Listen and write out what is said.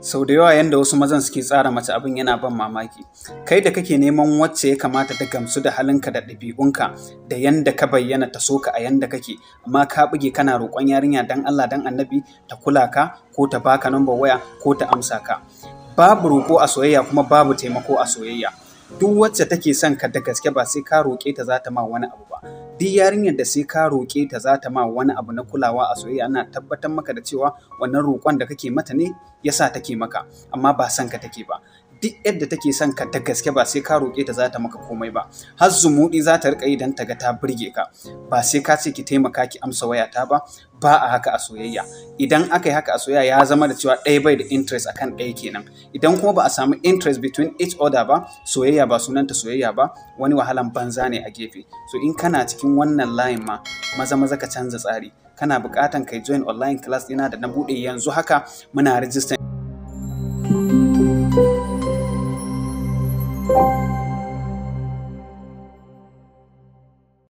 sau da yawa yadda wasu mazan suke tsara mace abin yana ban mamaki kai da kake neman wacce ya kamata ta gamsu da halinka da ɗabi'unka da yanda ka bayyana ta soka a yanda kake amma ka buge kana roƙon yarinya dan Allah dan annabi ta kula ka ko ta baka number waya ko ta amsa ka babu roƙo a soyayya kuma babu taimako a soyayya duk wacce take son ka da gaske ba sai ka roƙe ta za ma wani abu ba duk yarinyar da sai ka roƙe ta zata ma wani abu na kulawa a soyayya ana tabbatar maka da cewa wannan roƙon da kake mata ne yasa take maka amma ba son ka take ba duk yadda take son ka ta gaske ba sai ka roƙe ta za ta maka komai ba har zumuɗi za ta riƙa yi don ta ga ta burge ka ba sai ka ce ki taimaka ki amsa wayata ba ba a haka a soyayya idan aka yi haka a soyayya ya zama da cewa ɗaya bai da interest akan ɗaya kenan idan kuma ba a samu interest between each other ba soyayya ba sunanta soyayya ba wani wahalan banza ne a gefe so in kana cikin wannan layin ma maza maza ka canza tsari kana buƙatan kai join online class ɗina da na buɗe yanzu haka muna rijista